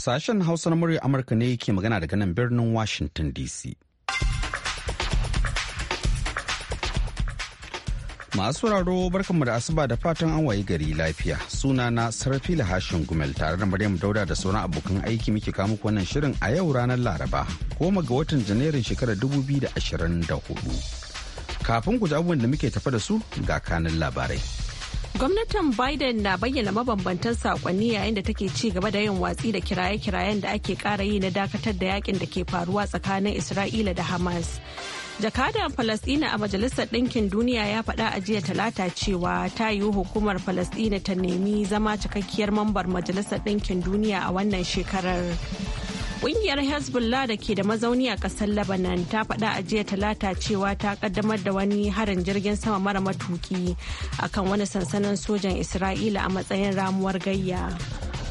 Sashen Hausa na murya Amurka ne yake magana daga nan birnin Washington DC. Masu raro barkanmu da asuba da fatan an wayi gari lafiya. Suna na sarfi Lahashin Gumel tare da Maryam Dauda da sauran abokan aiki muke kawo muku wannan shirin a yau ranar Laraba, goma ga watan Janairun shekarar 2024. Kafin ku ji abubuwan da muke tafa da su ga kanin labarai. Gwamnatin Biden na bayyana mabambantan sakonni yayin da take ci gaba da yin watsi da kiraye-kirayen da ake kara yi na dakatar da yakin da ke faruwa tsakanin Isra'ila da Hamas. Jakadan Falasɗina a Majalisar Ɗinkin Duniya ya faɗa a jiya talata cewa ta yi hukumar Falasɗina ta nemi zama cikakkiyar mambar Majalisar Ɗinkin Duniya a wannan shekarar. Ƙungiyar Hezbollah da ke da mazauni a ƙasar Lebanon ta faɗa a jiya talata cewa ta ƙaddamar da wani harin jirgin sama mara matuki akan wani sansanin sojan Isra'ila a matsayin ramuwar gayya.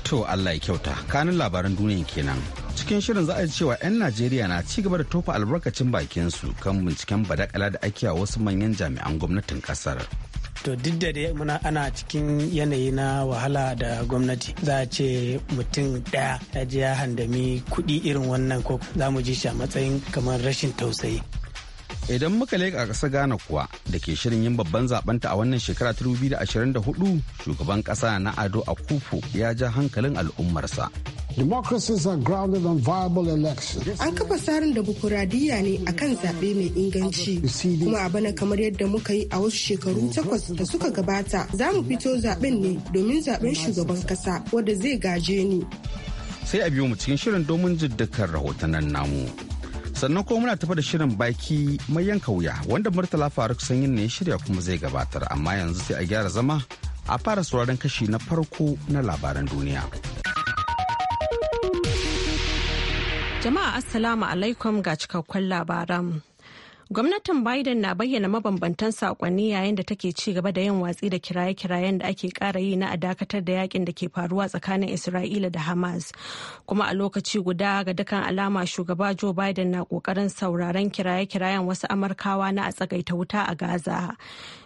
To Allah ya kyauta, kanin labaran duniya kenan. Cikin shirin za a ji cewa 'yan Najeriya na ci gaba da tofa albarkacin bakinsu kan binciken badakala da ake a wasu manyan jami'an gwamnatin ƙasar. to duk da dai muna ana cikin yanayi na wahala da gwamnati za a ce mutum ɗaya ya je ya handami kuɗi irin wannan ko za mu ji shi a matsayin kamar rashin tausayi idan muka leƙa ƙasa Ghana kuwa da ke shirin yin babban zaɓenta a wannan shekara 2024 shugaban ƙasa na Ado Akufo ya ja hankalin al'ummarsa Democracies are grounded on viable elections. An kafa tsarin demokuraɗiyya ne a kan zaɓe mai inganci. Kuma a bana kamar yadda muka yi a wasu shekaru takwas da suka gabata za mu fito zaɓen ne domin zaɓen shugaban ƙasa wanda zai gaje ni. Sai a biyo mu cikin shirin domin jiddakar rahotannin namu. sannan kuma muna tafa da shirin baki mai yanka wuya wanda murtala faruk sanyin ne shirya kuma zai gabatar amma yanzu sai a gyara zama a fara sauraron kashi na farko na labaran duniya. Jama'a Assalamu alaikum ga cikakkun labaran. Gwamnatin Biden na bayyana mabambantan saƙonni yayin da take ci gaba da yin watsi da kiraye-kirayen da ake ƙara yi na a dakatar da yakin da ke faruwa tsakanin Isra'ila da Hamas. Kuma a lokaci guda ga dukkan alama shugaba Joe Biden na ƙoƙarin sauraron kiraye-kirayen wasu Amurkawa na a tsagaita wuta a Gaza.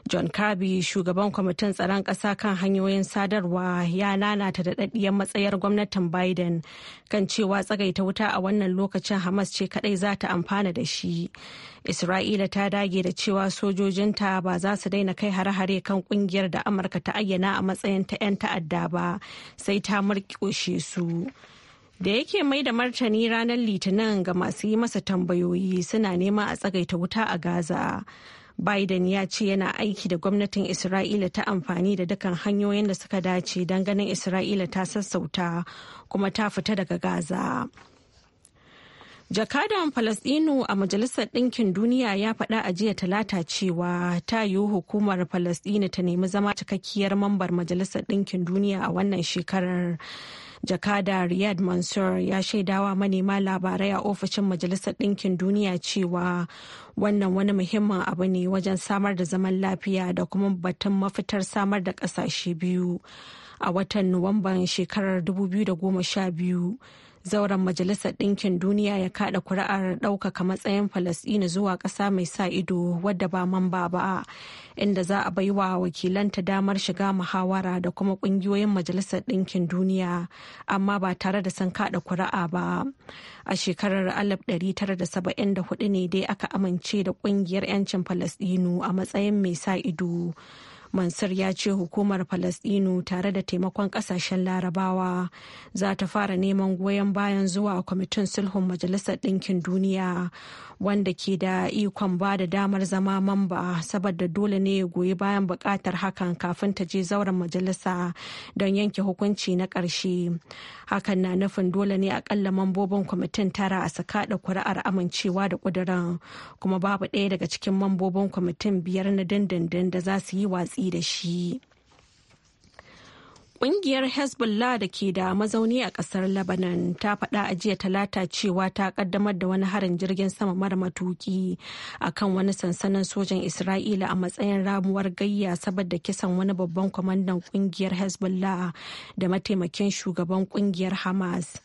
John Kirby shugaban kwamitin tsaron ƙasa kan hanyoyin sadarwa ya lalata daɗaɗɗiyar matsayar gwamnatin Biden kan cewa tsagaita wuta a wannan lokacin Hamas ce kaɗai za ta amfana da shi. Isra'ila ta dage da cewa sojojinta ba za su daina kai hare-hare kan ƙungiyar da Amurka ta ayyana a matsayin ta 'yan ta'adda ba sai ta murƙushe su. da yake mai da martani ranar litinin ga masu yi masa tambayoyi suna neman a tsagaita wuta a gaza Biden ya ce yana aiki da gwamnatin Isra'ila ta amfani da dukkan hanyoyin da suka dace don ganin Isra'ila ta sassauta kuma ta fita daga Gaza. Jakadan Falasɗinu a Majalisar Ɗinkin Duniya ya faɗa a jiya talata cewa ta yiwu hukumar Falasɗinu ta nemi zama cikakkiyar mambar Majalisar Ɗinkin Duniya a wannan shekarar jakada riyad mansur ya shaidawa manema labarai a ofishin majalisar ɗinkin duniya cewa wannan wani muhimmin abu ne wajen samar da zaman lafiya da kuma batun mafitar samar da ƙasashe biyu a watan nuwamban shekarar 2012 zauren majalisar ɗinkin duniya ya kada kuri'ar ɗaukaka matsayin falasɗina zuwa ƙasa mai sa ido wadda ba mamba ba inda za a bai wa wakilanta damar shiga muhawara da kuma ƙungiyoyin majalisar ɗinkin duniya amma ba tare da sun kada kuri'a ba a shekarar 1974 ne dai aka amince da ƙungiyar 'yancin falasɗinu a matsayin mai sa ido mansur ya ce hukumar falasdinu tare da taimakon kasashen larabawa za ta fara neman goyon bayan zuwa kwamitin sulhun majalisar ɗinkin duniya wanda ke da ikon ba da damar zama mamba saboda dole ne ya goyi bayan buƙatar hakan kafin ta je zauren majalisa don yanke hukunci na ƙarshe hakan na nufin dole ne akalla mambobin kwamitin tara a saka da kuri'ar amincewa da ƙuduran kuma babu ɗaya daga cikin mambobin kwamitin biyar na dindindin da za su yi watsi hadi da shi. Ƙungiyar Hezbollah da ke da mazauni a ƙasar Lebanon ta faɗa a jiya talata cewa ta ƙaddamar da wani harin jirgin sama mara matuƙi a kan wani sansanin sojan Isra'ila a matsayin ramuwar gayya saboda kisan wani babban kwamandan ƙungiyar Hezbollah da mataimakin shugaban ƙungiyar Hamas.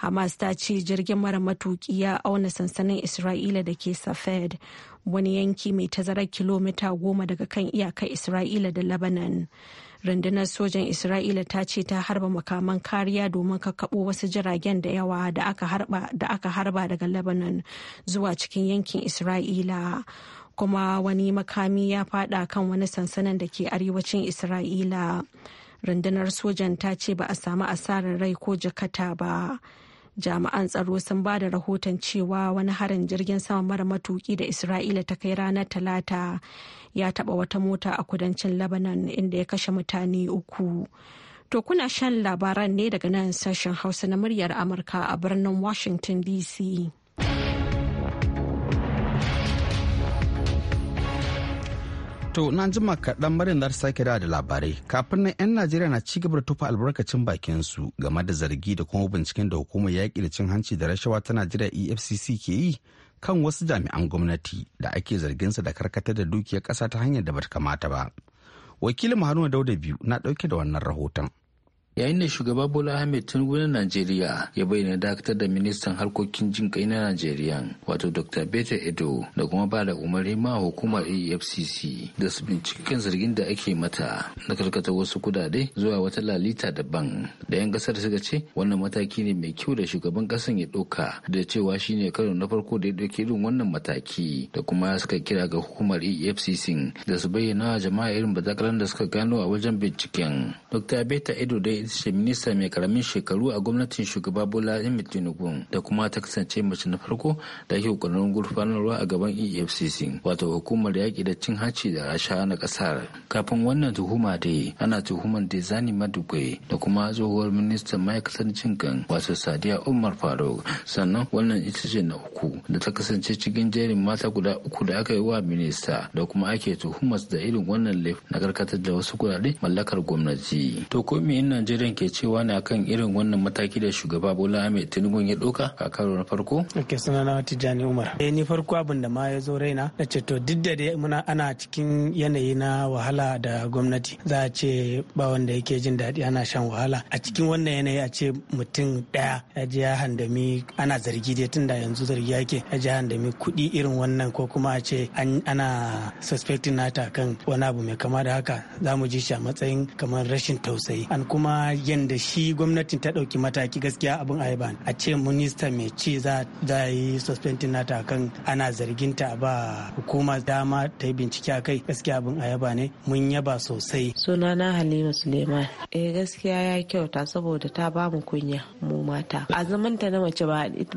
hamas ta ce jirgin mara matuki ya auna sansanin isra'ila da ke safed wani yanki mai tazarar kilomita goma daga kan iyakar isra'ila da lebanon rundunar sojan isra'ila ta ce ta harba makaman kariya domin kakkaɓo wasu jiragen da yawa da aka harba daga lebanon zuwa cikin yankin isra'ila kuma wani makami ya fada kan wani sansanin da ke arewacin isra'ila rundunar sojan ta ce ba a samu asarar rai ko jakata ba jami'an tsaro sun ba da rahoton cewa wani harin jirgin sama mara matuki da isra'ila ta kai ranar talata ya taba wata mota a kudancin lebanon inda ya kashe mutane uku to kuna shan labaran ne daga nan sashen hausa na muryar amurka a birnin washington dc To na jima kaɗan marin da sake da labarai kafin nan 'yan Najeriya na ci gaba da tufa albarkacin bakin su game da zargi da kuma binciken da hukumar yaƙi da cin hanci da rashawa ta Najeriya EFCC ke yi kan wasu jami'an gwamnati da ake zargin su da karkatar da dukiyar ƙasa ta hanyar da bata kamata ba. Wakilin Haruna Dauda biyu na ɗauke da wannan rahoton. yayin da shugaba bola ahmed tinubu na najeriya ya bayyana dakatar da ministan harkokin jin kai na najeriya wato dr beta edo da kuma ba da umarni ma hukumar efcc da su binciken zargin da ake mata na karkata wasu kudade zuwa wata lalita daban da yan kasar suka ce wannan mataki ne mai kyau da shugaban kasan ya ɗauka da cewa shi ne karo na farko da ya ɗauki irin wannan mataki da kuma suka kira ga hukumar efcc da su bayyana jama'a irin bazakaran da suka gano a wajen binciken dr beta edo dai ita ce minista mai karamin shekaru a gwamnatin shugaba Bola Ahmed Tinubu da kuma ta kasance mace na farko da ake kokarin gurfanarwa a gaban EFCC wato hukumar yaƙi da cin hanci da rasha na ƙasar. Kafin wannan tuhuma dai ana tuhumar zani Madugai da kuma tsohuwar ministan ma'aikatar cin kan wato Sadiya Umar Faruk sannan wannan ita ce na uku da ta kasance cikin jerin mata guda uku da aka yi wa minista da kuma ake tuhumar da irin wannan laifin na karkatar da wasu kuɗaɗe mallakar gwamnati. To ko me najeriya ke cewa ne kan irin wannan mataki da shugaba bola ahmed tinubu ya ɗauka a karo na farko ok suna na tijjani umar eh ni farko abin da ma ya zo raina na ce to duk da dai muna ana cikin yanayi na wahala da gwamnati za a ce ba wanda yake jin daɗi ana shan wahala a cikin wannan yanayi a ce mutum ɗaya ya je ya handami ana zargi dai tunda yanzu zargi yake ya je handami kuɗi irin wannan ko kuma a ce ana suspecting nata kan wani abu mai kama da haka za mu ji shi a matsayin kamar rashin tausayi an kuma yadda yanda shi gwamnatin ta ɗauki mataki gaskiya abin ayaba a ce minista mai ci za a yi suspending nata kan ana zargin ta ba hukuma dama ta yi bincike a kai gaskiya abin ayaba ne mun yaba sosai sunana halima suleiman eh gaskiya ya kyauta saboda ta ba mu kunya mu mata a ta na mace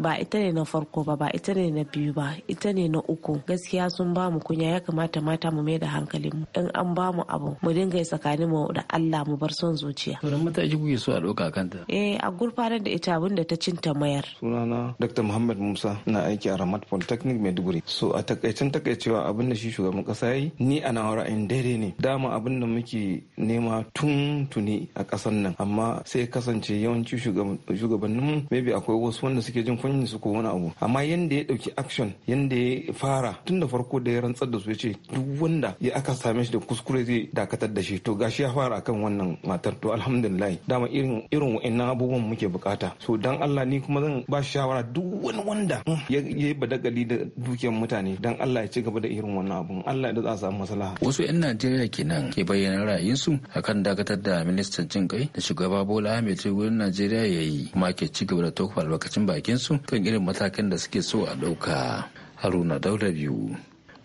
ba ita ne na farko ba ba ita ne na biyu ba ita ne na uku gaskiya sun ba mu kunya ya kamata mata mu mai da hankalin mu in an ba mu abu mu dinga yi tsakanin mu da Allah mu bar son zuciya mataki kuke so a ɗauka kanta? Eh a gurfanar da ita abin da ta cinta mayar. Sunana Dr. Muhammad Musa na aiki a Ramat Polytechnic Maiduguri. So a takaicen takaicewa abin da shi shugaban ya yi ni a nawa ra'ayin daidai ne. Dama abin da muke nema tun tuni a ƙasar nan amma sai kasance yawanci shugabannin mu. maybe akwai wasu wanda suke jin kunyin su ko wani abu amma yanda ya ɗauki action yanda ya fara tun da farko da ya rantsar da su ya ce duk wanda ya aka same shi da kuskure zai dakatar da shi to gashi ya fara akan wannan matar to alhamdulillah wallahi dama irin irin wa'annan abubuwan muke bukata so dan Allah ni kuma zan ba shawara duk wani wanda ya yi badagali da dukiyar mutane dan Allah ya ci gaba da irin wannan abun Allah ya za a samu maslaha wasu 'yan Najeriya kenan ke bayyana ra'ayinsu akan dakatar da ministan jin kai da shugaba Bola Ahmed gurin Najeriya yayi yi kuma ke ci gaba da tokwa albarkacin bakin su kan irin matakan da suke so a ɗauka Haruna Daula biyu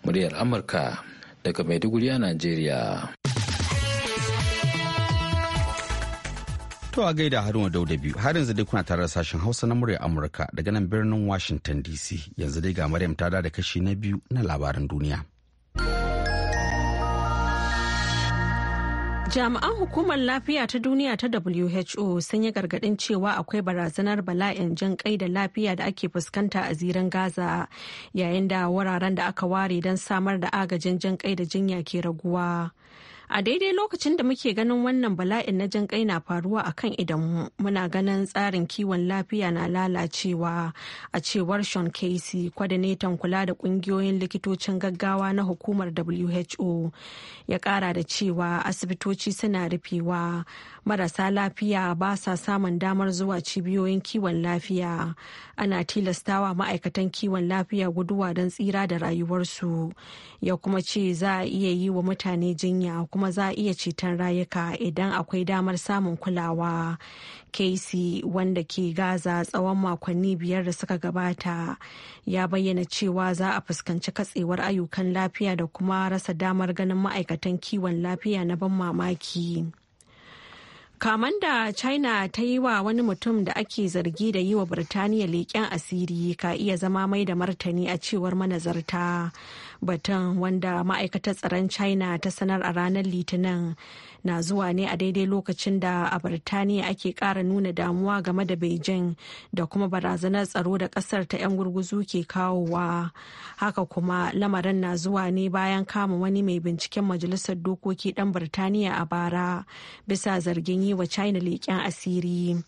muryar Amurka daga Maiduguri a Najeriya. To a gaida Haruna Dauda biyu har yanzu dai kuna tare da sashen Hausa na murya Amurka daga nan birnin Washington DC yanzu dai ga Maryam ta da kashi na biyu na labaran duniya. Jami'an hukumar lafiya ta duniya ta WHO sun yi gargaɗin cewa akwai barazanar bala'in jan kai da lafiya da ake fuskanta a ziran Gaza yayin da wuraren da aka ware don samar da agajin jan kai da jinya ke raguwa. A daidai lokacin da muke ganin wannan bala'in na jan kai na faruwa a kan idanmu muna ganin tsarin kiwon lafiya na lalacewa a cewar Sean Casey kwadanetan kula da kungiyoyin likitocin gaggawa na hukumar WHO ya kara da cewa asibitoci suna rufewa marasa lafiya ba sa samun damar zuwa cibiyoyin kiwon lafiya ana tilastawa ma'aikatan kiwon lafiya guduwa don tsira da rayuwarsu ya kuma ce za a iya yi wa mutane jinya kuma za a iya ceton rayuka idan akwai damar samun kulawa casey wanda ke gaza tsawon makonni biyar da suka gabata ya bayyana cewa za a fuskanci katsewar ayyukan lafiya da kuma rasa damar ganin ma'aikatan kiwon lafiya na ban mamaki kaman da china ta yi wa wani mutum da ake zargi da yi wa birtaniya leƙen asiri ka iya zama mai da martani a cewar manazarta batun wanda ma'aikatar tsaron china ta sanar a ranar litinin na zuwa ne a daidai lokacin da a birtaniya ake kara nuna damuwa game da beijing da kuma barazanar tsaro da kasar ta 'yan gurguzu ke kawowa haka kuma lamarin na zuwa ne bayan kama wani mai binciken majalisar dokoki dan birtaniya a bara bisa zargin yi wa china leƙen asiri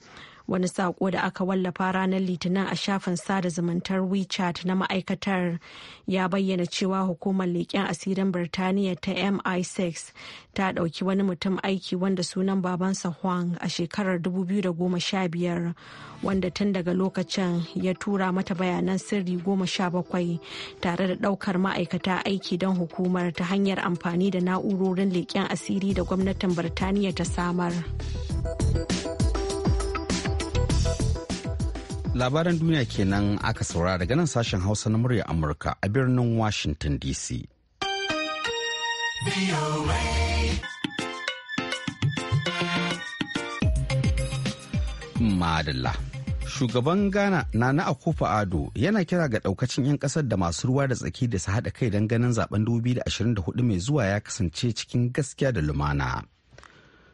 wani saƙo da aka wallafa ranar litinin a shafin sada zumuntar wechat na ma'aikatar ya bayyana cewa hukumar leƙen asirin birtaniya ta mi6 ta ɗauki wani mutum aiki wanda sunan babansa huang a shekarar 2015 wanda tun daga lokacin ya tura mata bayanan sirri 17 tare da ɗaukar ma'aikata aiki don hukumar ta hanyar amfani da na'urorin leƙen asiri da gwamnatin birtaniya ta samar. labaran duniya kenan aka saurara daga nan sashen hausa na murya amurka a birnin washington dc madalla shugaban ghana nana akufa ado yana kira ga daukacin 'yan kasar da masu ruwa da tsaki da su haɗa kai don ganin zaben 2024 mai zuwa ya kasance cikin gaskiya da lumana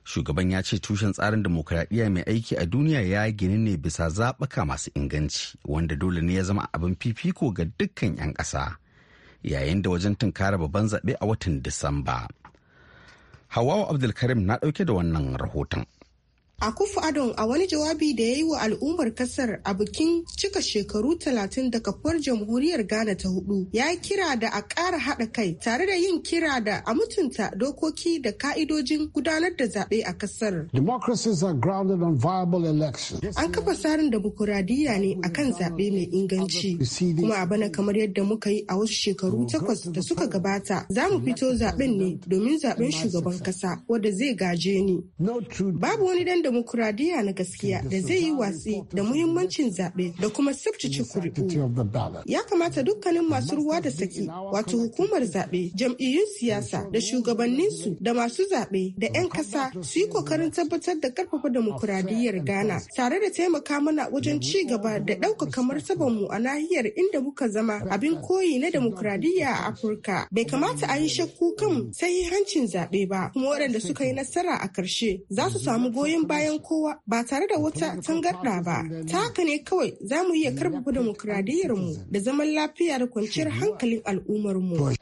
shugaban ya ce tushen tsarin demokuraɗiyya mai aiki a duniya ya gini ne bisa zaɓuka masu inganci wanda dole ne ya zama abin fifiko ga dukkan 'yan ƙasa yayin da wajen tunkara babban zaɓe a watan disamba hawawa abdulkarim na ɗauke da wannan rahoton Akufu Adon a wani jawabi da ya yi wa al'ummar kasar a bikin cika shekaru talatin da kafuwar jamhuriyar Ghana ta hudu ya yi kira da a ƙara haɗa kai tare da yin kira da a mutunta dokoki da ka'idojin gudanar da zaɓe a kasar. Democracies are grounded on viable elections. An kafa tsarin demokuraɗiyya ne a kan zaɓe mai inganci. Kuma a bana kamar yadda muka yi a wasu shekaru takwas da suka gabata za mu fito zaɓen ne domin zaɓen shugaban kasa wanda zai gaje ni. Babu wani dan demokuraɗiyya na gaskiya da zai yi watsi da muhimmancin zaɓe da kuma tsabtace kuri'u. Ya kamata dukkanin masu ruwa da saki wato hukumar zaɓe, jam'iyyun siyasa da shugabanninsu da masu zaɓe da 'yan ƙasa su yi kokarin tabbatar da ƙarfafa demokuraɗiyyar Ghana tare da taimaka mana wajen ci gaba da ɗaukaka mu a nahiyar inda muka zama abin koyi na demokuraɗiyya a Afirka. Bai kamata a yi shakku kan hancin zaɓe ba kuma waɗanda suka yi nasara a ƙarshe za su samu goyon baya bayan kowa ba tare da wata tangarɗa ba. Ta haka ne kawai za mu iya karfafa demokuraɗiyyarmu da zaman lafiya da kwanciyar hankalin al'ummar al'ummarmu.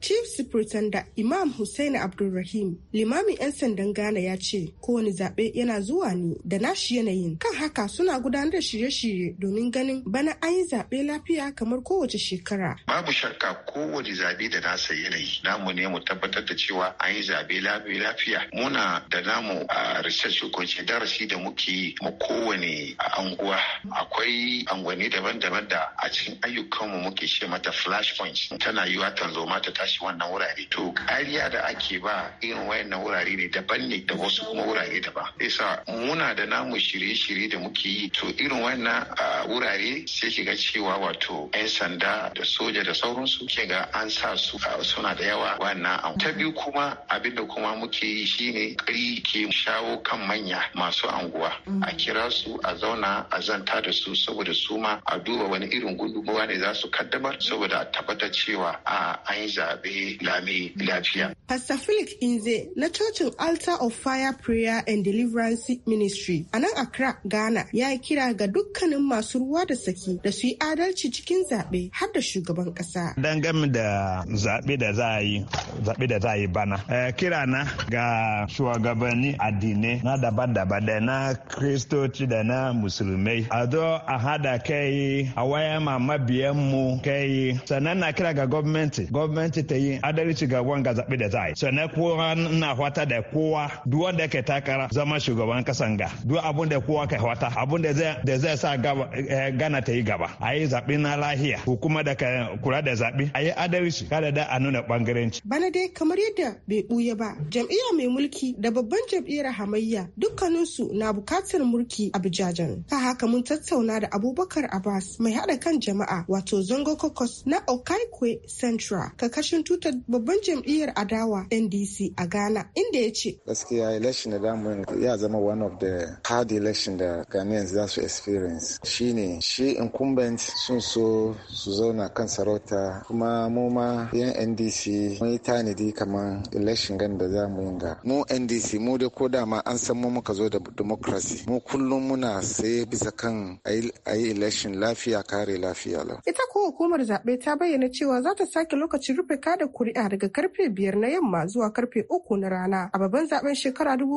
Chief Superintendent Imam Hussaini Abdulrahim limamin 'yan sandan Ghana ya ce kowane zaɓe yana zuwa ne da nashi yanayin kan haka suna gudanar da shirye-shirye domin ganin bana an yi zaɓe lafiya kamar kowace shekara. Babu shakka kowane zaɓe da nasa yanayi namu ne mu tabbatar da cewa an yi zaɓe lafiya muna da namu a research ko ce darasi da muke yi mu kowane anguwa akwai angwani daban-daban da a cikin ayyukanmu muke ce mata flash points tana yiwa tanzoma ta shi wannan wurare to kariya da ake ba irin wayan wurare ne daban ne da wasu kuma wurare daban sa muna da namu shirye-shirye da muke yi to irin wayannan wurare sai shiga cewa wato 'yan sanda da soja da sauransu ke ga an sa su suna da yawa wannan ta biyu kuma abin kuma muke yi shine kari ke shawo kan manya masu anguwa mm-hmm. a kira su a zauna a zanta da su saboda su ma a duba wani irin gudunmawa ne za su kaddamar saboda a tabbatar cewa a an yi zaɓe lami lafiya. Pastor Felix Inze na cocin Altar of Fire Prayer and Deliverance Ministry a nan Accra, Ghana ya yi kira ga dukkanin masu ruwa da saki da su yi adalci cikin zaɓe har da shugaban ƙasa. Dangane da zaɓe da za a yi zaɓe da za yi bana. Eh, kira na ga shugabanni addinai na daban-daban da na kristoci da na musulmai. A zo a hada kai a waya ma kai sannan na kira ga gwamnati. Gwamnati ta yi adalci ga wanga zaɓe da za a yi sannan kowa na fata da kowa duk wanda ke takara zama shugaban kasan ga duk abun da kowa ka fata abun da zai sa gana eh, ta yi gaba a yi zaɓe na lahiya kuma da kula da zaɓe a yi adalci kada da a nuna ɓangaranci. bana dai kamar yadda bai ɓuya ba jam'iyya mai mulki da babban jam'iyyar hamayya dukkaninsu na bukatar mulki a bijajen ta haka mun tattauna da abubakar abbas mai haɗa kan jama'a wato zango kokos na okaikwe central kakashin karkashin tutar babban jam'iyyar adawa ndc a ghana inda ya ce gaskiya election da damu ya zama one of the hard election da ghanaians za su experience shine shi incumbent sun so su zauna kan sarauta kuma mu ma yan ndc mun yi tanadi kamar election gan da za mu yi ga mu ndc mu da ko dama an san mu muka zo da democracy mu kullum muna sai bisa kan a yi election lafiya kare lafiya lau ita ko hukumar zaɓe ta bayyana cewa za ta sake lokacin rufe kada kuri'a daga karfe biyar na yamma zuwa karfe uku na rana a babban zaben shekara dubu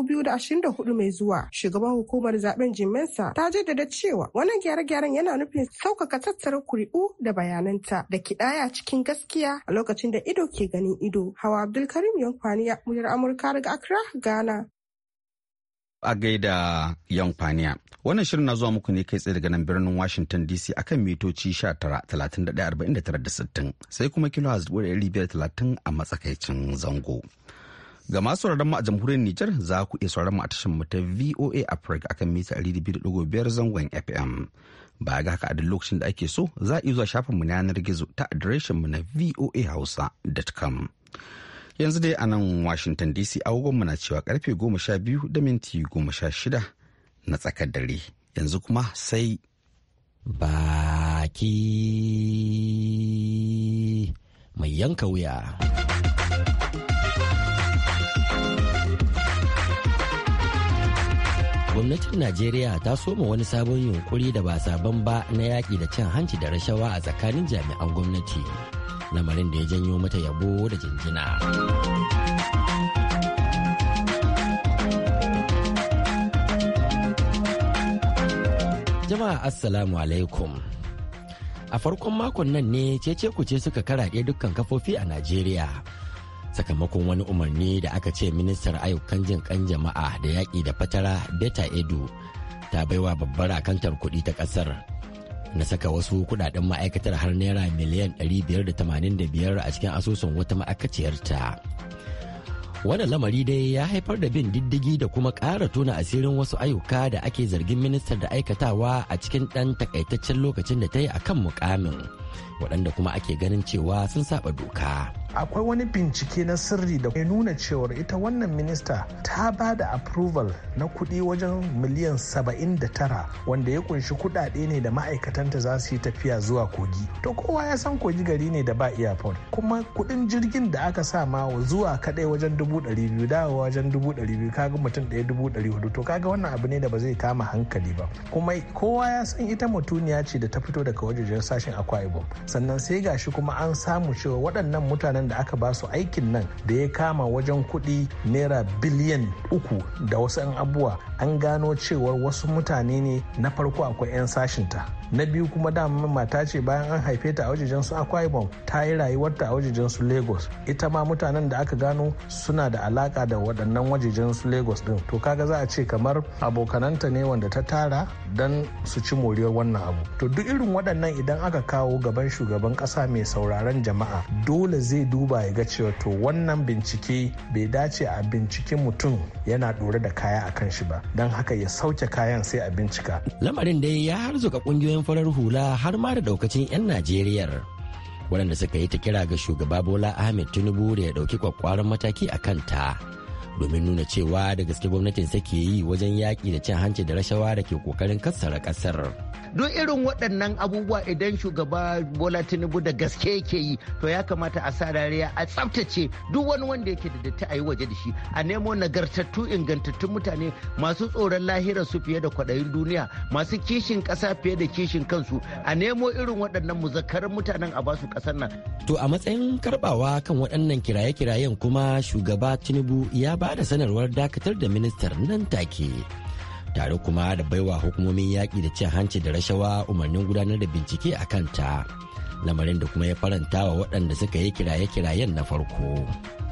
hudu mai zuwa. Shugaban hukumar zaben jimensa ta jaddada cewa wannan gyare-gyaren yana nufin sauƙaƙa tattara kuri'u da bayananta da kiɗaya cikin gaskiya a lokacin da ido ke ganin ido. Hawa Abdulkarim Yankwani ya muryar Amurka daga Accra, Ghana. a gaida yan faniya wannan shirin na zuwa muku ne kai tsaye daga nan birnin washington dc akan mitoci 19 sai kuma kilo a talatin a matsakaicin zango ga masu sauraron mu a jamhuriyar nijar za ku iya sauraron mu a tashar mu ta voa africa akan mita 200.5 zangon fm ba ga haka a duk lokacin da ake so za a iya zuwa shafin mu na yanar gizo ta adireshin mu na voahausa.com yanzu dai a nan washington dc agogon na cewa karfe goma sha biyu da minti goma shida na tsakar dare yanzu kuma sai baki mai yanka wuya gwamnatin najeriya ta soma wani sabon yunkuri da ba sabon ba na yaki da cin hanci da rashawa a tsakanin jami'an gwamnati lamarin da ya janyo mata yabo da jinjina. Jama'a Assalamu alaikum. A farkon makon nan ne cece ce suka karaɗe dukkan kafofi a Najeriya. Sakamakon wani umarni da aka ce ministar ayyukan jin kan jama'a da yaƙi da fatara Beta Edu ta baiwa babbar akantar kuɗi ta ƙasar. na saka wasu kudaden ma'aikatar har naira miliyan 585 a cikin asusun wata ma'aikaciyar ta wannan lamari dai ya haifar da bin diddigi da kuma ƙara tona asirin wasu ayyuka da ake zargin ministar da aikatawa a cikin ɗan takaitaccen lokacin da ta yi a kan mukamin. waɗanda kuma ake ganin cewa sun saba doka. akwai wani bincike na sirri da ya nuna cewar ita wannan minista ta ba da approval na kuɗi wajen miliyan 79 wanda ya kunshi kuɗaɗe ne da ma'aikatanta za su yi tafiya zuwa kogi to kowa ya san kogi gari ne da ba airport kuma kuɗin jirgin da aka sa ma zuwa kaɗai wajen biyu dawowa wajen biyu kaga mutum ɗaya hudu to kaga wannan abu ne da ba zai kama hankali ba kuma kowa ya san ita mutuniya ce da ta fito daga wajejen sashen akwa ibo sannan sai gashi kuma an samu cewa waɗannan mutanen da aka ba su aikin nan da ya kama wajen kuɗi naira biliyan uku da wasu 'yan abubuwa an gano cewar wasu mutane ne na farko akwai 'yan sashinta na biyu kuma dama mata ce bayan an haife ta a wajejen su akwa ta yi rayuwarta a wajejen su lagos ita ma mutanen da aka gano suna da alaka da waɗannan wajejen su lagos din to kaga za a ce kamar abokananta ne wanda ta tara don su ci moriyar wannan abu to duk irin waɗannan idan aka kawo gaban shugaban ƙasa mai sauraron jama'a dole zai duba ya ga cewa to wannan bincike bai dace a binciken mutum yana ɗore da kaya a kan shi ba don haka ya sauke kayan sai a bincika. Lamarin dai ya harzuka kungiyoyin farar hula har ma da daukacin 'yan najeriya waɗanda suka yi ta kira ga shugaba Bola Ahmed Tinubu da ya ɗauki kwakwaran mataki a kanta. domin nuna cewa da gaske gwamnatin sake yi wajen yaƙi da cin hanci da rashawa da ke ƙoƙarin kassara ƙasar. Duk irin waɗannan abubuwa idan shugaba Bola Tinubu da gaske yake yi to ya kamata a sa rariya a tsaftace duk wani wanda yake da datti a yi waje da shi a nemo nagartattu ingantattun mutane masu tsoron lahirar su fiye da kwaɗayin duniya masu kishin ƙasa fiye da kishin kansu a nemo irin waɗannan muzakkarin mutanen a basu ƙasar nan. To a matsayin karɓawa kan waɗannan kiraye-kirayen kuma shugaba Tinubu ya ba da sanarwar dakatar da ministar nan take tare kuma da baiwa hukumomin yaƙi da cin hanci da rashawa umarnin gudanar da bincike a kanta lamarin da kuma ya faranta wa waɗanda suka yi kiraye-kirayen na farko.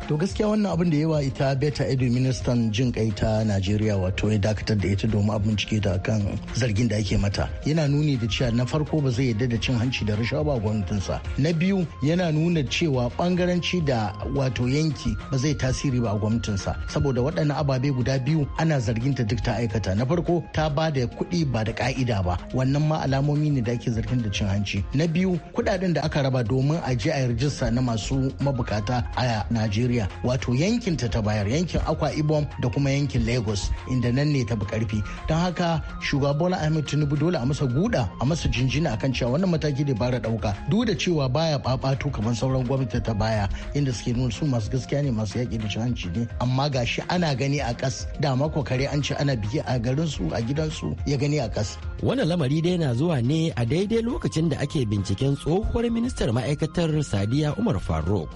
To gaskiya wannan abin da yawa ita Beta Edu Ministan jin kai ta Najeriya wato ya dakatar da ita domin abin cike ta kan zargin da ake mata. Yana nuni da cewa na farko ba zai yarda da cin hanci da rashawa ba gwamnatinsa. Na biyu yana nuna cewa bangaranci da wato yanki ba zai tasiri ba a gwamnatinsa saboda waɗannan ababe guda biyu ana zargin ta duk ta aikata. Na farko ta ba da kuɗi ba da ka'ida ba wannan ma alamomi ne da ake zargin da cin hanci. Na biyu kuɗa kudaden da aka raba domin a je a rijista na masu mabukata a Najeriya wato yankin ta ta bayar yankin Akwa Ibom da kuma yankin Lagos inda nan ne ta bi karfi don haka shugaba Bola Ahmed Tinubu dole a masa guda a masa jinjina akan cewa wannan mataki da bara ɗauka duk da cewa baya babatu kamar sauran gwamnati ta baya inda suke nuna su masu gaskiya ne masu yaƙi da cancanci ne amma gashi ana gani a kas da mako kare an ce ana biki a garin su a gidansu ya gani a kas wannan lamari dai na zuwa ne a daidai lokacin da ake binciken tsoho tsohuwar ministar ma'aikatar sadiya umar faruk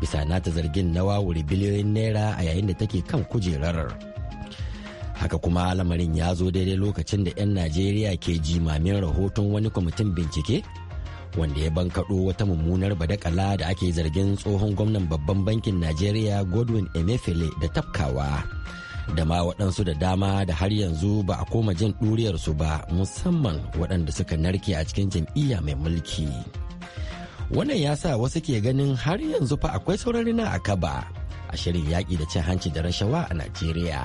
bisa nata zargin na wawure biliyoyin naira a yayin da take kan kujerar haka kuma lamarin ya zo daidai lokacin da 'yan najeriya ke jimamin rahoton wani kwamitin bincike wanda ya bankaɗo wata mummunar badakala da ake zargin tsohon gwamnan babban bankin najeriya godwin emefele da tafkawa da ma waɗansu da dama da har yanzu ba a koma jin ɗuriyarsu ba musamman waɗanda suka narke a cikin jam'iyya mai mulki wannan ya sa wasu ke ganin har yanzu fa akwai saurari na a kaba a shirin yaƙi da cin hanci da rashawa a najeriya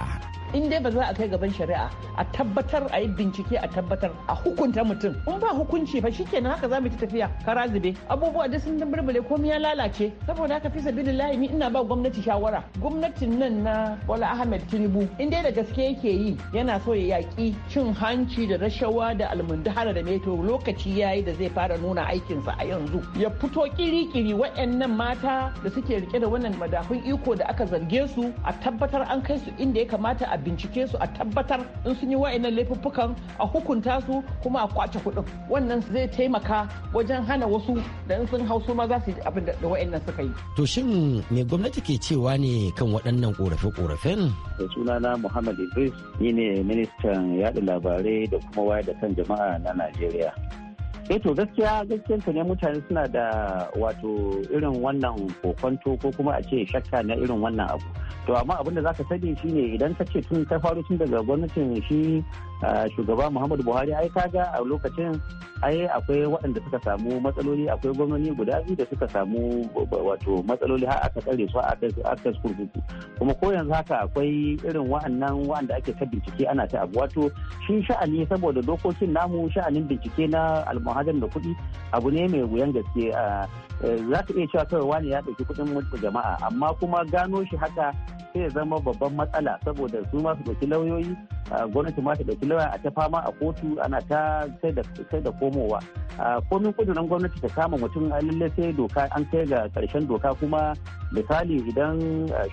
in dai ba za a kai gaban shari'a a tabbatar a yi bincike a tabbatar a hukunta mutum in ba hukunci fa shikenan haka za mu ta tafiya kara zube abubuwa da sun burbule komai ya lalace saboda haka fi sabilillahi ni ina ba gwamnati shawara gwamnatin nan na Bola Ahmed Tinubu in dai da gaske yake yi yana so ya yaki cin hanci da rashawa da almundahara da meto lokaci yayi da zai fara nuna aikinsa a yanzu ya fito kiri-kiri waɗannan mata da suke rike da wannan madafun iko da aka zarge su a tabbatar an kai su inda ya kamata a bincike su a tabbatar in sun yi wa'annan laifuffukan a hukunta su kuma a kwace kuɗin wannan zai taimaka wajen hana wasu da in sun hau ma za su yi abin da wa'annan suka yi. To shin me gwamnati ke cewa ne kan waɗannan ƙorafe-ƙorafen? Da eh, sunana Muhammad Idris ni ne ministan yaɗa labarai da kuma wayar da kan jama'a na Najeriya. eh to gaskiya gaskiyan ne mutane suna da wato irin wannan kokonto ko kuma a ce shakka na irin wannan abu to amma abin da zaka sani shine idan ka ce tun ka faru tun daga gwamnatin shi shugaba muhammadu buhari ai kaga a lokacin ai akwai waɗanda suka samu matsaloli akwai gwamnoni guda biyu da suka samu wato matsaloli har aka tsare su a kan kurkuku kuma ko yanzu haka akwai irin wa'annan wa'anda ake ta bincike ana ta abu wato shi sha'ani saboda dokokin namu sha'anin bincike na almuhadar da kuɗi abu ne mai wuyan gaske eh, za ka iya cewa kawai wani ya ɗauki kuɗin jama'a amma kuma gano shi haka sai ya zama babban matsala saboda su ma su ɗauki lauyoyi gwamnati ma ta ɗauki lauya a ta fama a kotu ana ta sai da komowa komin kudurin gwamnati ta kama mutum a lalle sai doka an kai ga ƙarshen doka kuma misali idan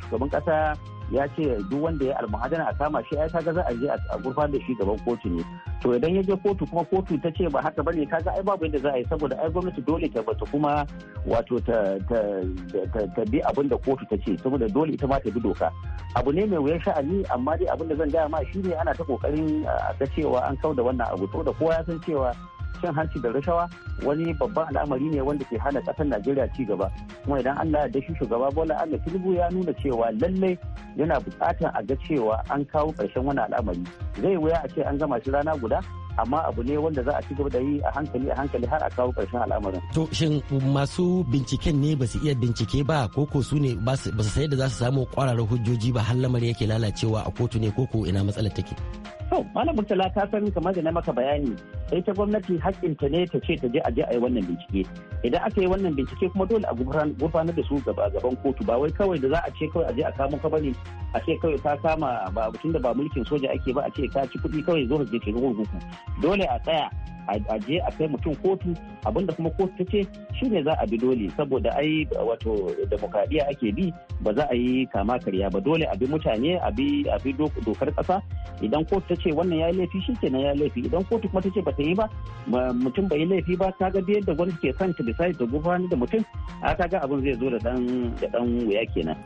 shugaban ƙasa ya ce duk wanda ya almahadana a kama shi ai kaga za a je a gurfan da shi gaban kotu ne to idan ya je kotu kuma kotu ta ce ba haka bane kaga ai babu yadda za a yi saboda ai gwamnati dole ta bata kuma wato ta ta bi abin da kotu ta ce saboda dole ita ma ta bi doka abu ne mai wuyan sha'ani amma dai abin da zan gaya ma shine ana ta kokarin a ga cewa an kauda wannan abu to da kowa ya san cewa cin hanci da rashawa wani babban al'amari ne wanda ke hana ƙasar najeriya ci gaba kuma idan allah ya shi shugaba bola ahmed tinubu ya nuna cewa lallai yana buƙatar a ga cewa an kawo ƙarshen wani al'amari zai wuya a ce an gama shi rana guda amma abu ne wanda za a ci gaba da yi a hankali a hankali har a kawo ƙarshen al'amarin. to shin masu binciken ne ba su iya bincike ba ko ko su ne ba su sayar da za su samu ƙwararrun hujjoji ba har lamarin yake lalacewa a kotu ne ko ko ina matsalar take. to malam murtala ta san kamar da na maka bayani sai ta gwamnati hakkinta ne ta ce ta je a je a yi wannan bincike idan aka yi wannan bincike kuma dole a gurfanar da su gaba gaban kotu ba wai kawai da za a ce kawai a je a samu ka bane a ce kawai ka kama ba tun da ba mulkin soja ake ba a ce ka ci kuɗi kawai zo je ka gurguku dole a tsaya a je a kai mutum kotu abinda kuma kotu ta ce shi ne za a bi dole saboda ai wato demokradiyya ake bi ba za a yi kama karya ba dole a bi mutane a bi dokar kasa idan kotu ta ce wannan ya yi laifi shi na ya laifi idan kotu kuma ta ce ba ta yi ba mutum bai yi laifi ba ta ga biyar da ke son ta bisa da gudanar da mutum a ta ga abin zai zo da dan wuya kenan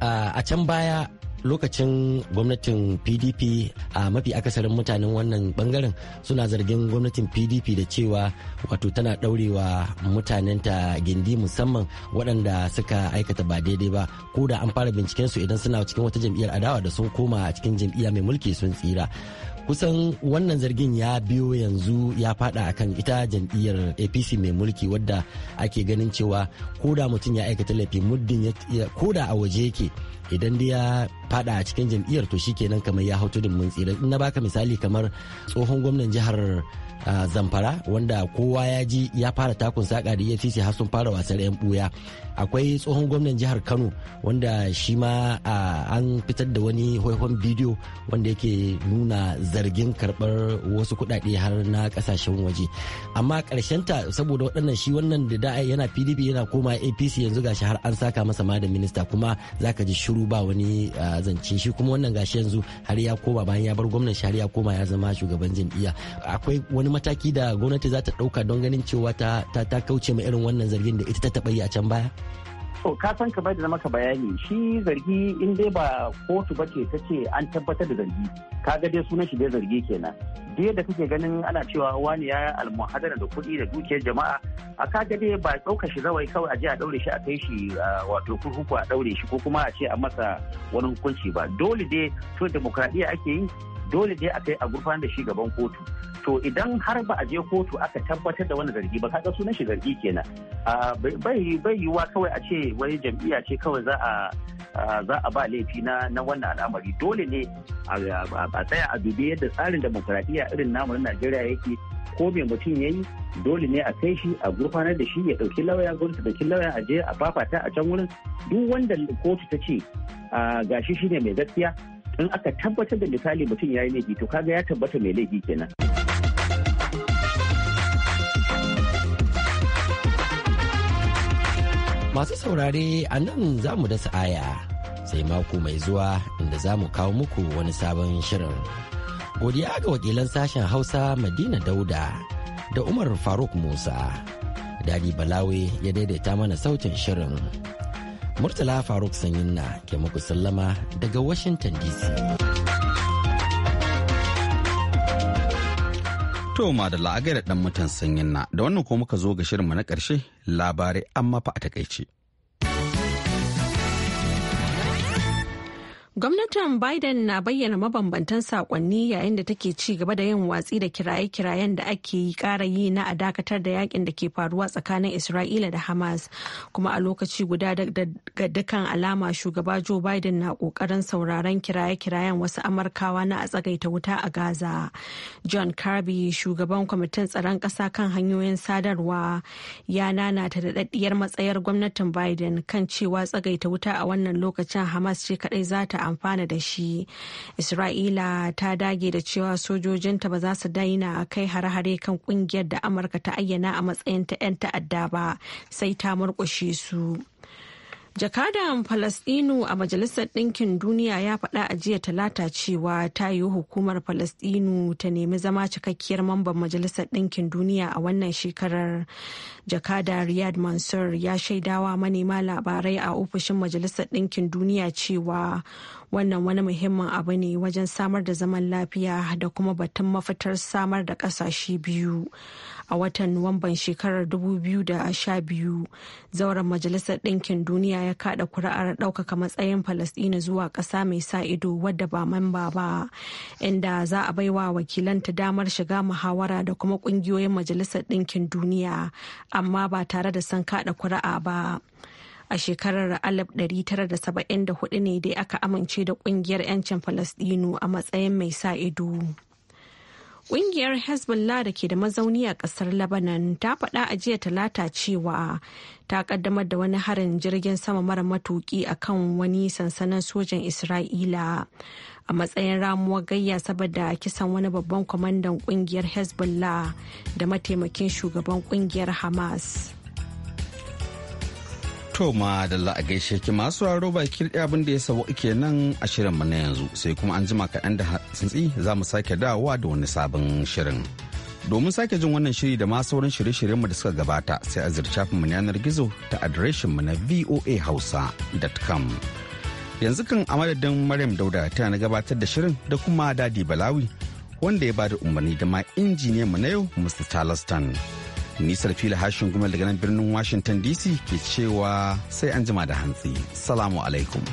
a can baya lokacin gwamnatin pdp a mafi akasarin mutanen wannan bangaren suna zargin gwamnatin pdp da cewa wato tana daurewa mutanenta gindi musamman waɗanda suka aikata ba daidai ba ko da an fara binciken su idan suna cikin wata jam'iyyar adawa da sun koma cikin jam'iyya mai mulki sun tsira kusan wannan zargin ya biyo yanzu ya fada kan ita jam'iyyar apc mai mulki wadda ake ganin cewa koda mutum ya aikata laifi muddin koda a waje yake idan dai ya fada a cikin jam'iyyar to shi shikenan kamar ya hau tudun mun tsira na baka misali kamar tsohon gwamnan jihar zamfara wanda kowa ya ji ya fara takun saka da efcc har sun fara wasar yan buya akwai tsohon gwamnan jihar kano wanda shi ma an fitar da wani faifan bidiyo wanda yake nuna zargin karbar wasu kudade har na kasashen waje amma ta saboda waɗannan shi wannan da da yana pdp yana koma apc yanzu gashi har an saka masa ma da minista kuma zaka ji shiru ba wani zance shi kuma wannan gashi yanzu har ya koma bayan ya bar gwamnan shi har ya koma ya zama shugaban jam'iyya akwai wani mataki da gwamnati za ta ɗauka don ganin cewa ta kauce ma irin wannan zargin da ita ta taɓa yi a can baya To ka san kamar da maka bayani shi zargi in dai ba kotu ba ce ta ce an tabbatar da zargi kaga dai sunan shi dai zargi kenan dai da kake ganin ana cewa wani ya almuhadara da kuɗi da dukiyar jama'a a ga dai ba ɗauka shi zawai kawai a je a ɗaure shi a kai shi wato kurkuku a ɗaure shi ko kuma a ce a masa wani hukunci ba dole dai to demokradiyya ake yi dole dai a kai a gurfan da shi gaban kotu to idan har ba a je kotu aka tabbatar da wani zargi ba kaga sunan shi zargi kenan bai bai yiwuwa kawai a ce wani jam'iyya ce kawai za a za a ba laifi na na wannan al'amari dole ne a tsaya a dubi yadda tsarin demokuraɗiyya irin namu na Najeriya yake ko me mutum ya yi dole ne a kai shi a gurfanar da shi ya ɗauki lauya gwamnati ɗauki lauya a je a fafata a can wurin duk wanda kotu ta ce gashi shine mai gaskiya in aka tabbatar da misali mutum ya yi laifi to kaga ya tabbata mai laifi kenan. Masu saurare a nan za mu dasa aya sai mako mai zuwa inda za mu kawo muku wani sabon shirin. Godiya ga wakilan sashen Hausa Madina Dauda da Umar Faruk Musa. Dadi Balawe ya daidaita mana sautin shirin. Murtala Faruk Sanyinna ke muku sallama daga Washington DC. To da la'agai da ɗan mutan Sanyinna da wannan ko muka zo ga shirinmu na ƙarshe labarai amma fa a takaice. Gwamnatin Biden na bayyana mabambantan sakonni yayin da take ci gaba da yin watsi da kiraye-kirayen da ake yi ƙara yi na a dakatar da yakin da ke faruwa tsakanin Isra'ila da Hamas. Kuma a lokaci guda daga dukkan alama shugaba Joe Biden na kokarin sauraron kiraye-kirayen wasu Amurkawa na a tsagaita wuta a Gaza. John Kirby, shugaban kwamitin tsaron ƙasa kan hanyoyin sadarwa, ya nanata daɗaɗɗiyar matsayar gwamnatin Biden kan cewa tsagaita wuta a wannan lokacin Hamas ce kaɗai za ta amfana da shi isra'ila ta dage da cewa sojojinta ba za su daina kai hare-hare kan kungiyar da amurka ta ayyana a matsayin ta 'yan ta'adda ba sai ta murƙushe su jakadan falasdinu a majalisar ɗinkin duniya ya faɗa a jiya talata cewa ta yi hukumar falasdinu ta nemi zama cikakkiyar mamban majalisar ɗinkin duniya a wannan shekarar jakada riyad mansur ya shaidawa manema labarai a ofishin majalisar ɗinkin duniya cewa wannan wani muhimmin abu ne wajen samar da zaman lafiya da kuma batun mafitar samar da kasashe biyu a watan nuwamban shekarar 2012 zauren majalisar ɗinkin duniya ya kada kuri'ar ɗaukaka matsayin falasɗina zuwa ƙasa mai sa ido wadda ba mamba ba inda za a baiwa wakilanta damar shiga muhawara da kuma ƙungiyoyin majalisar ɗinkin duniya amma ba tare da san kada kuri'a ba. a shekarar 1974 ne dai aka amince da kungiyar 'yancin falasdino a matsayin mai sa ido Ƙungiyar Hezbollah da ke da mazauni a ƙasar Lebanon ta faɗa a jiya talata cewa ta ƙaddamar da wani harin jirgin sama mara matuƙi a kan wani sansanin sojan Isra'ila a matsayin ramuwar gayya saboda kisan wani babban kwamandan ƙungiyar Hezbollah da mataimakin shugaban ƙungiyar Hamas. To ma da a gaishe ki masu raro bakin ɗaya abin da ya sabo ke nan a shirin mu na yanzu sai kuma an jima kaɗan da hantsi za mu sake dawowa da wani sabon shirin. Domin sake jin wannan shiri da ma sauran shirye-shiryenmu da suka gabata sai a zircafin mu yanar gizo ta adireshin mu na voahausa.com. Yanzu kan a madadin Maryam Dauda tana gabatar da shirin da kuma Dadi Balawi wanda ya bada umarni da ma injiniyan mu na yau Mr. Talastan. Nisar fila hashin gumal daga nan birnin Washington DC ke cewa sai an jima da hantsi. Salamu alaikum.